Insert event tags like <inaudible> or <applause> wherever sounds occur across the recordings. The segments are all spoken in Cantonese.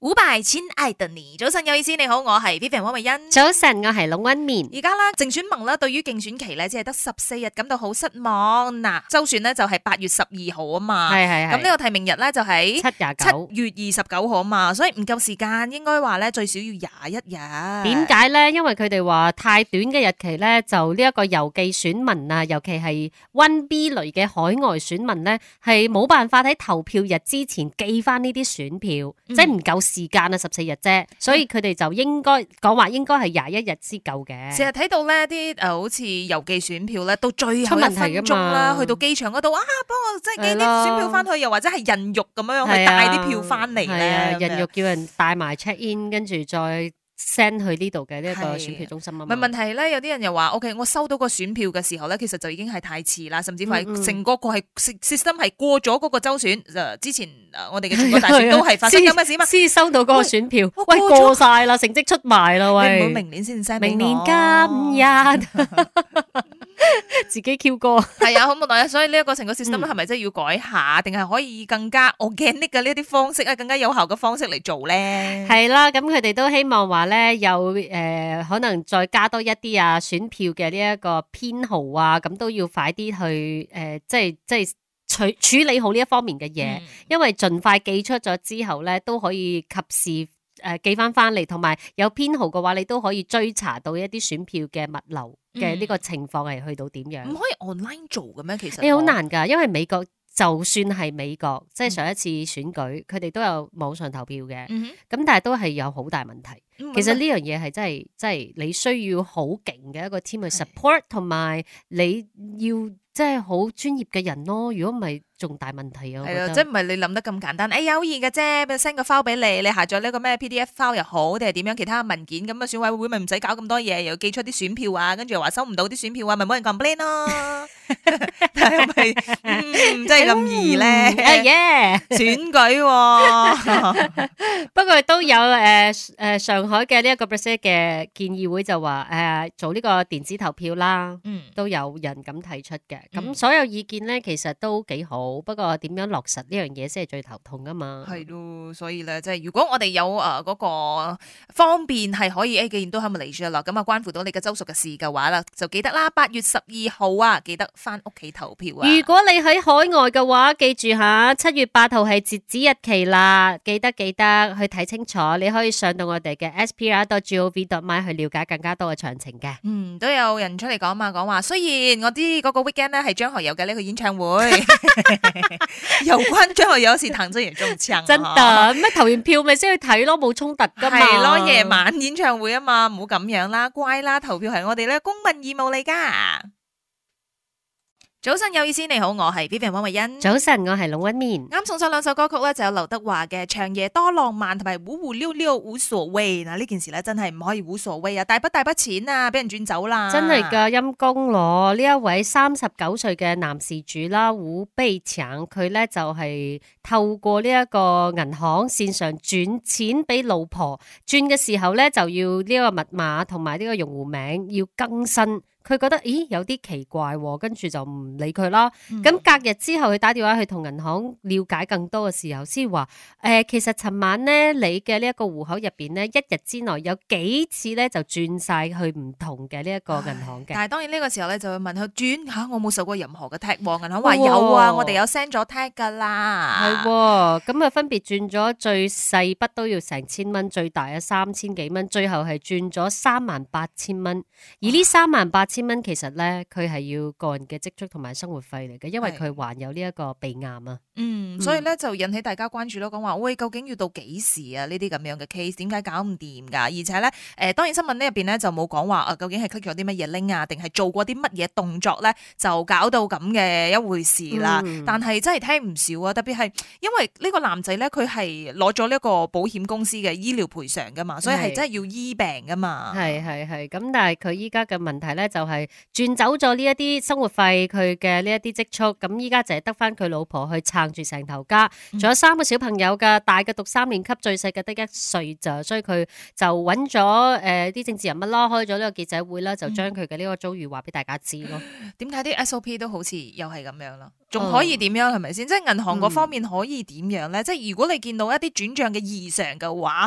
伍佰千艾登尼，早晨有意思，你好，我係 Vivian 汪慧欣。早晨，我係龍溫綿。而家啦，淨選盟啦，對於競選期咧，只係得十四日，感到好失望。嗱、呃，周選呢就係八月十二號啊嘛。係係係。咁呢個提名日咧就喺七廿九月二十九號啊嘛，所以唔夠時間，應該話咧最少要廿一日。點解咧？因為佢哋話太短嘅日期咧，就呢一個郵寄選民啊，尤其係 One B 類嘅海外選民咧，係冇辦法喺投票日之前寄翻呢啲選票，即係唔夠。時間啊，十四日啫，所以佢哋就應該講話應該係廿一日先夠嘅。成日睇到咧啲誒，好似郵寄選票咧都到最後一分鐘啦，去到機場嗰度啊，幫我即係寄啲選票翻去，又的或者係人肉咁樣去帶啲票翻嚟咧。人肉叫人帶埋 check in，跟住再 send 去呢度嘅呢一個選票中心啊嘛，咪問題咧？有啲人又話：OK，我收到個選票嘅時候咧，其實就已經係太遲啦，甚至乎係成個個係設系統係過咗嗰個州選。誒、嗯嗯，之前我哋嘅全國大選都係發生咁嘅事嘛，先收到嗰個選票，喂,喂，過晒啦，成績出埋啦，喂，唔、欸、明年先 send，明年今日。 <laughs> <laughs> 自己 Q 歌，係啊，好無奈啊！所以呢一個成個 sys、嗯、tem 係咪真係要改下，定係可以更加 organic 嘅呢啲方式啊，更加有效嘅方式嚟做呢？係啦、啊，咁佢哋都希望話呢，有、呃、誒可能再加多一啲啊，選票嘅呢一個編號啊，咁都要快啲去誒、呃，即係即係處處理好呢一方面嘅嘢，嗯、因為盡快寄出咗之後呢，都可以及時。誒，寄翻翻嚟，同埋有編號嘅話，你都可以追查到一啲選票嘅物流嘅呢個情況係去到點樣？唔、嗯、可以 online 做嘅咩？其實你好難㗎，因為美國就算係美國，嗯、即係上一次選舉，佢哋都有網上投票嘅，咁、嗯、但係都係有好大問題。嗯、其實呢樣嘢係真係，真係你需要好勁嘅一個 team 去 support，同埋你要即係好專業嘅人咯，如果唔係。重大問題啊！係啊、哎，即係唔係你諗得咁簡單？誒、哎，好易嘅啫，send 個 file 俾你，你下載呢個咩 PDF file 又好，定係點樣其他文件？咁啊，選、哎、委會咪唔使搞咁多嘢，又要寄出啲選票啊，跟住又話收唔到啲選票啊，咪冇人咁 complain 咯。 <laughs> <laughs> <laughs> 但係咪唔真係咁易咧？係耶、嗯，uh, yeah. <laughs> 選舉、啊。 <laughs> <laughs> 不過都有誒誒、呃呃、上海嘅呢一個嘅建議會就話誒、呃、做呢個電子投票啦。都有人咁提出嘅。咁、嗯、所有意見咧，其實都幾好。 <laughs> 不過點樣落實呢樣嘢先係最頭痛噶嘛？係咯，所以咧，即係如果我哋有誒嗰、啊嗰個方便係可以誒、哎，既然都喺咪嚟咗啦，咁啊關乎到你嘅州屬嘅事嘅話啦，就記得啦，八月十二號啊，記得返屋企投票啊！如果你喺海外嘅話，記住下七月八號係截止日期啦，記得記得去睇清楚，你可以上到我哋嘅 SPR dot gov dot my 去了解更加多嘅詳情嘅。嗯，都有人出嚟講嘛，講話雖然我知嗰個 weekend 咧係張學友嘅呢個演唱會。 <laughs> 又 <laughs> <laughs> 關張學友事，彈出人中槍，真等咩？投完票咪先去睇咯，冇衝突噶嘛？係咯， <laughs> 夜晚演唱會啊嘛，唔好咁樣啦，乖啦，投票係我哋咧公民義務嚟噶。早晨有意思，你好，我係 B B 汪慧欣。早晨，我係龍威面。啱送上兩首歌曲咧，就有劉德華嘅《長夜多浪漫》同埋《糊糊溜溜無所謂》。嗱，呢件事咧真係唔可以無所謂，大筆大筆啊！大筆大筆錢啊，俾人轉走啦！真係噶陰公咯！呢一位三十九歲嘅男事主啦，胡悲強，佢咧就係透過呢一個銀行線上轉錢俾老婆，轉嘅時候咧就要呢個密碼同埋呢個用戶名要更新。佢覺得咦有啲奇怪喎、哦，跟住就唔理佢啦。咁、嗯、隔日之後，佢打電話去同銀行了解更多嘅時候，先話誒其實尋晚咧，你嘅呢一個戶口入邊咧，一日之內有幾次咧就轉晒去唔同嘅呢一個銀行嘅。但係當然呢個時候咧就會問佢轉嚇、啊，我冇受過任何嘅 TAC、啊、銀行話有啊，哦、我哋有 send 咗 TAC 㗎啦。係喎、哦，咁啊分別轉咗最細筆都要成千蚊，最大啊三千幾蚊，最後係轉咗三萬八千蚊，而呢三萬八千。嗯千蚊其實咧，佢係要個人嘅積蓄同埋生活費嚟嘅，因為佢患有呢一個鼻癌啊。嗯，所以咧就引起大家關注咯，講話喂，究竟要到幾時啊？呢啲咁樣嘅 case 點解搞唔掂噶？而且咧，誒、呃，當然新聞呢入邊咧就冇講話，誒、啊，究竟係 click 咗啲乜嘢 link 啊，定係做過啲乜嘢動作咧，就搞到咁嘅一回事啦。嗯、但係真係聽唔少啊，特別係因為呢個男仔咧，佢係攞咗呢一個保險公司嘅醫療賠償噶嘛，所以係真係要醫病噶嘛。係係係，咁但係佢依家嘅問題咧就是。係轉走咗呢一啲生活費，佢嘅呢一啲積蓄，咁依家就係得翻佢老婆去撐住成頭家，仲有三個小朋友噶，大嘅讀三年級，最細嘅得一歲咋。所以佢就揾咗誒啲政治人物咯，開咗呢個記者會啦，就將佢嘅呢個遭遇話俾大家知咯。點解啲 SOP 都好似又係咁樣咯？仲可以點樣係咪先？即係銀行嗰方面可以點樣咧？即係如果你見到一啲轉賬嘅異常嘅話，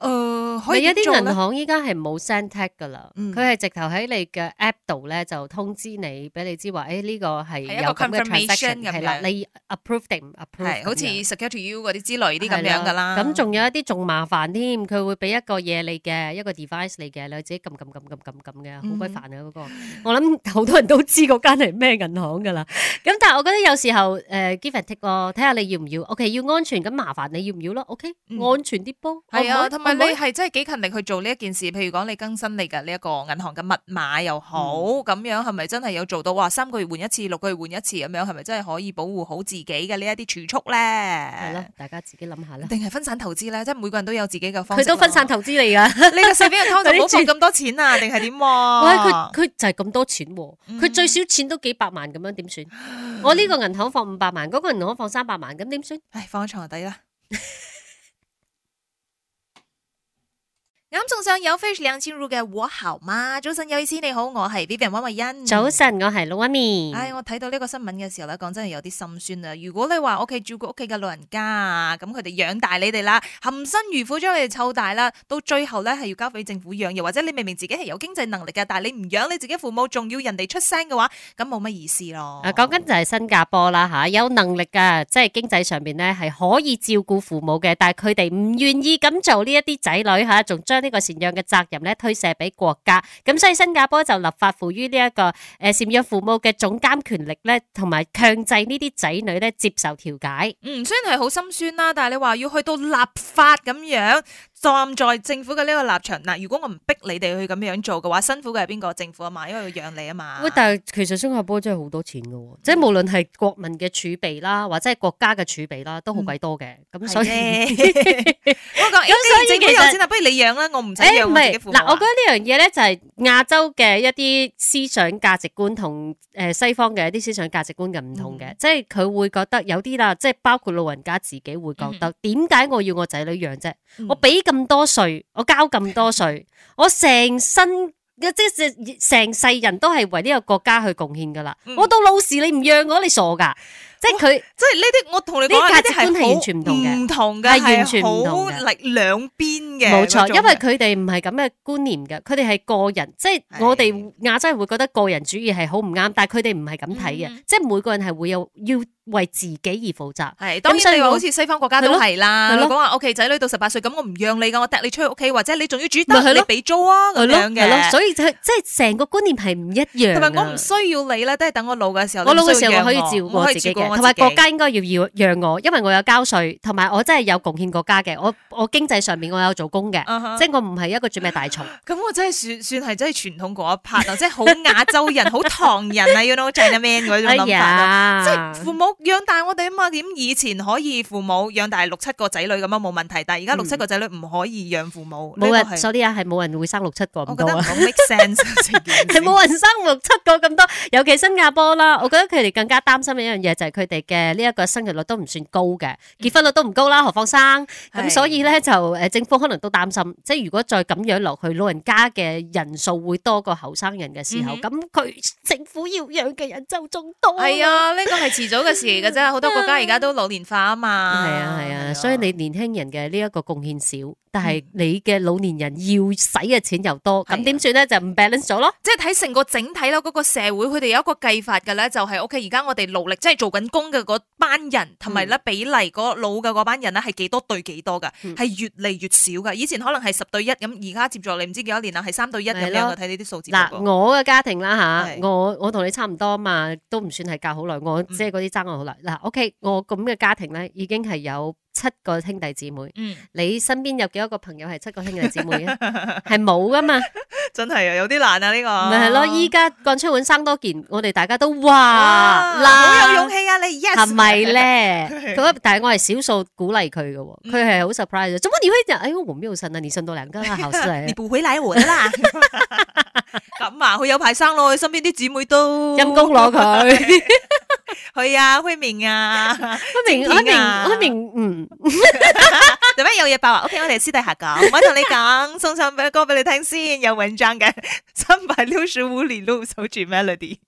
誒，可以一啲銀行依家係冇 send tag 噶啦，佢係直頭喺你嘅 app 度咧就通知你，俾你知話，誒呢個係有咁嘅 confirmation 係啦，你 approve 定唔 approve？係，好似 secure to you 嗰啲之類啲咁樣噶啦。咁仲有一啲仲麻煩添，佢會俾一個嘢你嘅，一個 device 你嘅，你自己撳撳撳撳撳撳嘅，好鬼煩啊嗰個。我諗好多人都知嗰間係咩銀行噶啦。咁但係我覺得。即係有時候誒、呃、give and take 咯，睇下，你要唔要。O、okay, K，要安全咁麻煩，你要唔要咯？O K，安全啲波。係啊、嗯，同埋你係真係幾勤力去做呢一件事。譬如講，你更新你嘅呢一個銀行嘅密碼又好，咁、嗯、樣係咪真係有做到？哇，三個月換一次，六個月換一次咁樣，係咪真係可以保護好自己嘅呢一啲儲蓄咧？係咯、嗯，大家自己諗下啦。定係分散投資咧，即係每個人都有自己嘅方式。佢都分散投資嚟噶， <laughs> 你食邊個湯就唔好放咁多錢啊？定係點佢佢就係咁多錢、啊，佢最少錢都幾百萬咁樣，點 <laughs> 算？ <laughs> <laughs> <laughs> <laughs> <laughs> <laughs> 我呢？呢個銀行放五百萬，嗰、這個銀行放三百萬，咁點算？唉、哎，放喺床底啦。 <laughs> 咁仲上有 fish 兩千五嘅我姣嘛？早晨有意思你好，我係 Vivian 溫慧欣。早晨，我係 Lumi。哎，我睇到呢個新聞嘅時候咧，講真係有啲心酸啊！如果你話屋企照顧屋企嘅老人家啊，咁佢哋養大你哋啦，含辛茹苦將你哋湊大啦，到最後咧係要交俾政府養，又或者你明明自己係有經濟能力嘅，但係你唔養你自己父母，仲要人哋出聲嘅話，咁冇乜意思咯。啊，講緊就係新加坡啦吓、啊，有能力嘅即係經濟上面咧係可以照顧父母嘅，但係佢哋唔願意咁做呢一啲仔女吓，仲、啊、將。呢個贍養嘅責任咧，推卸俾國家，咁所以新加坡就立法賦予呢一個誒贍養父母嘅總監權力咧，同埋強制呢啲仔女咧接受調解。嗯，雖然係好心酸啦，但係你話要去到立法咁樣。站在政府嘅呢個立場嗱，如果我唔逼你哋去咁樣做嘅話，辛苦嘅係邊個？政府啊嘛，因為佢養你啊嘛。喂，但係其實新加坡真係好多錢嘅喎，即係無論係國民嘅儲備啦，或者係國家嘅儲備啦，都好鬼多嘅。咁所以，咁所以政府有錢啊，不如你養啦，我唔使養自己父母。嗱，我覺得呢樣嘢咧就係亞洲嘅一啲思想價值觀同誒西方嘅一啲思想價值觀嘅唔同嘅，即係佢會覺得有啲啦，即係包括老人家自己會覺得點解我要我仔女養啫？我俾咁咁多稅，我交咁多稅，我成身嘅即係成世人都係為呢個國家去貢獻噶啦，我到老時，你唔讓我，你傻噶！即係佢，即係呢啲，我同你講，呢啲價值觀係完全唔同嘅，唔同嘅，係完全好力兩邊嘅。冇錯，因為佢哋唔係咁嘅觀念嘅，佢哋係個人，即係我哋亞洲人會覺得個人主義係好唔啱，但係佢哋唔係咁睇嘅，即係每個人係會有要為自己而負責。係當然你話好似西方國家都係啦，講話 O K 仔女到十八歲，咁我唔讓你㗎，我掟你出去屋企，或者你仲要住得，你俾租啊咁樣嘅。係咯，所以即係成個觀念係唔一樣。同埋我唔需要你啦，都係等我老嘅時候，我老嘅時候我可以照顧自己嘅。同埋國家應該要要讓我，因為我有交稅，同埋我真係有貢獻國家嘅。我我經濟上面我有做工嘅，uh huh. 即係我唔係一個最咩大蟲。咁 <laughs> 我真係算算係真係傳統嗰一 part 咯，即係好亞洲人、好 <laughs> 唐人啊，you know, gentleman 嗰種諗法、uh、yeah. 即係父母養大我哋啊嘛，點以前可以父母養大六七個仔女咁樣冇問題，但係而家六七個仔女唔、嗯、可以養父母。冇人 s o 係冇人會生六七個，啊。我覺得 make sense，係冇人生六七個咁多，尤其新加坡啦。我覺得佢哋更加擔心嘅一樣嘢就係、是。佢哋嘅呢一個生育率都唔算高嘅，結婚率都唔高啦，何況生咁，所以咧就誒政府可能都擔心，即係如果再咁樣落去，老人家嘅人數會多過後生人嘅時候，咁佢、嗯、哼政府要養嘅人就仲多。係啊、哎，呢、這個係遲早嘅事嘅啫，好多國家而家都老年化啊嘛。係啊係啊，哎、呀所以你年輕人嘅呢一個貢獻少，但係你嘅老年人要使嘅錢又多，咁點算咧就唔 balance 咗咯。即係睇成個整體啦，嗰、那個社會佢哋有一個計法嘅、就、咧、是，就係 OK，而家我哋努力即係做緊工嘅班人，同埋咧比例，嗰老嘅班人咧係幾多對幾多噶？係越嚟越少噶。以前可能係十對一咁，而家接住落嚟唔知幾多年啦，係三對一咁樣。我睇呢啲數字。嗱，我嘅家庭啦吓，我我同你差唔多嘛，都唔算係教好耐，我即係嗰啲爭我好耐。嗱，OK，我咁嘅家庭咧，已經係有。七個兄弟姊妹，嗯，你身邊有幾多個朋友係七個兄弟姊妹嘅？係冇噶嘛？真係啊，有啲難啊呢個。咪係咯，依家贛出碗生多件，我哋大家都哇，嗱，好有勇氣啊你，而家係咪咧？佢，但係我係少數鼓勵佢嘅，佢係好 surprise，點解你開人？哎，我冇生啊，你生多兩個啊，好事啊！你補回來我啦，咁啊，佢有排生咯，身邊啲姊妹都陰功攞佢，係啊，開明啊，開明啊，開明，嗯。做咩 <laughs> 有嘢爆啊？OK，我哋私底下講，我同你講，送上首歌俾你聽先，有文章嘅《三百六十五里路》首曲 melody。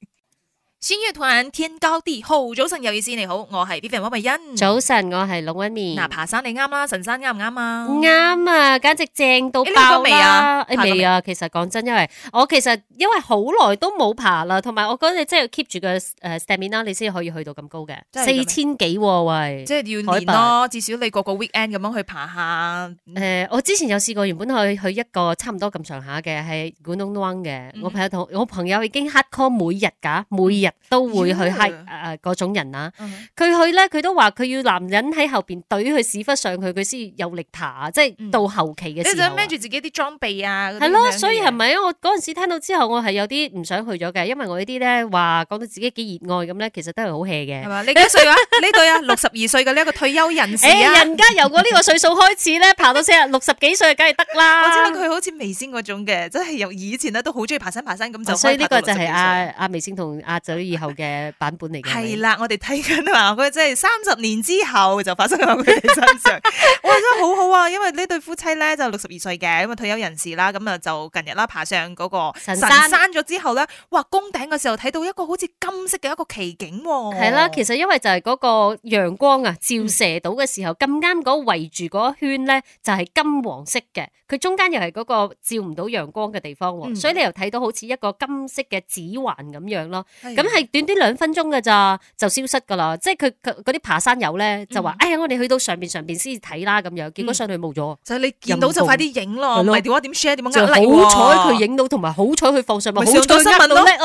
先約團天高地好，早晨有意思，你好，我係 Vivian 汪慧欣。早晨我係龍一面嗱，爬山你啱啦，神山啱唔啱啊？啱啊，簡直正到爆未、哎、啊？哎、未啊？其實講真，因為我其實因為好耐都冇爬啦，同埋我覺得你真係 keep 住個誒 stamina 啦，呃、你先可以去到咁高嘅四千幾、啊、喂，即係要練拔、啊、至少你個個 weekend 咁樣去爬下。誒、嗯呃，我之前有試過，原本去去一個差唔多咁上下嘅係廣東 one 嘅，我朋友同我朋友已經 hard core 每日噶，每日。每日都會去黑誒嗰種人啊。佢、嗯、去咧佢都話佢要男人喺後邊懟佢屎忽上去。佢先有力爬，即係到後期嘅時候、啊。即係孭住自己啲裝備啊，係咯，所以係咪？我嗰陣時聽到之後，我係有啲唔想去咗嘅，因為我呢啲咧話講到自己幾熱愛咁咧，其實都係好 hea 嘅。係嘛？你幾歲啊？呢 <laughs> 對啊，六十二歲嘅呢一個退休人士啊、 <laughs> 欸，人家由過呢個歲數開始咧， <laughs> 爬到成日六十幾歲梗係得啦。我知道佢好似微仙嗰種嘅，即係由以前咧都好中意爬山爬山咁就、哦。所以呢個就係阿阿微仙同阿。以後嘅版本嚟嘅係啦，我哋睇緊啊，佢即係三十年之後就發生喺佢哋身上。 <laughs> 哇，真係好好啊！因為呢對夫妻咧就六十二歲嘅，因為退休人士啦，咁啊就近日啦爬上嗰個神山。神山咗之後咧，哇，攻頂嘅時候睇到一個好似金色嘅一個奇景。係啦，其實因為就係嗰個陽光啊照射到嘅時候，咁啱嗰圍住嗰一圈咧就係、是、金黃色嘅，佢中間又係嗰個照唔到陽光嘅地方，嗯、所以你又睇到好似一個金色嘅指環咁樣咯。咁的係短短兩分鐘噶咋，就消失噶啦。即係佢佢嗰啲爬山友咧，就話、嗯：哎呀，我哋去到上面上面先至睇啦。咁樣，結果上去冇咗、嗯。就係、是、你見到就快啲影道咯，唔係電話點 share 點樣呃？好彩佢影到，同埋好彩佢放上咪上咗新聞咯。 <laughs> <laughs>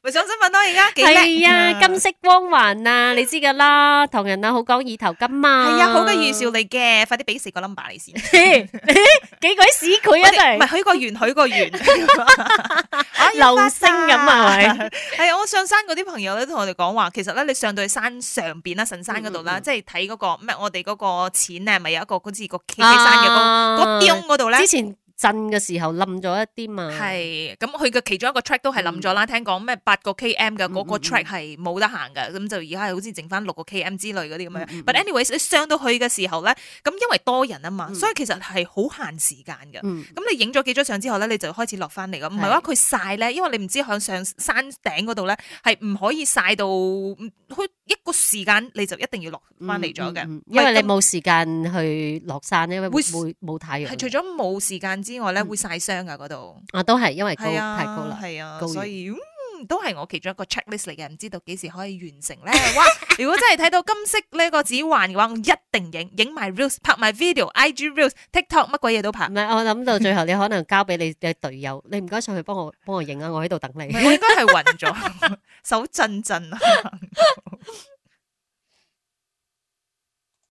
咪上新聞咯而家，係呀、啊，金色光環啊，你知噶啦，唐人啊好講意頭金啊，係呀、啊，好個預兆嚟嘅，快啲俾四個 number 你先，幾鬼屎佢啊，真係，唔係許個願許個願， <laughs> <laughs> 哎、流星咁係咪？係、 <laughs> 嗯哎、我上山嗰啲朋友咧，都同我哋講話，其實咧你上到去山上邊啦，神山嗰度啦，嗯、即係睇嗰個咩？我哋嗰個錢咧，咪有一個好似個企 K, K, K, K、啊、山嘅嗰、那個窿嗰度咧。啊之前震嘅時候冧咗一啲嘛，係咁佢嘅其中一個 track 都係冧咗啦。嗯、聽講咩八個 km 嘅嗰個 track 係冇、嗯嗯、得行嘅，咁就而家係好似剩翻六個 km 之類嗰啲咁樣。嗯、But anyways，你上到去嘅時候咧，咁因為多人啊嘛，所以其實係好限時間嘅。咁、嗯、你影咗幾張相之後咧，你就開始落翻嚟咯。唔係話佢晒咧，因為你唔知向上山頂嗰度咧係唔可以晒到，佢一個時間你就一定要落翻嚟咗嘅，因為你冇時間去落山，因為冇冇太陽。係除咗冇時間。之外咧、嗯、會晒傷啊嗰度啊都係因為高太高啦係啊高原所以、嗯、都係我其中一個 checklist 嚟嘅唔知道幾時可以完成咧哇 <laughs> 如果真係睇到金色呢個指環嘅話我一定影影埋 Reels 拍埋 video IG Reels TikTok 乜鬼嘢都拍唔係我諗到最後你可能交俾你嘅隊友 <laughs> 你唔該上去幫我幫我影啊我喺度等你我應該係暈咗手震震啊。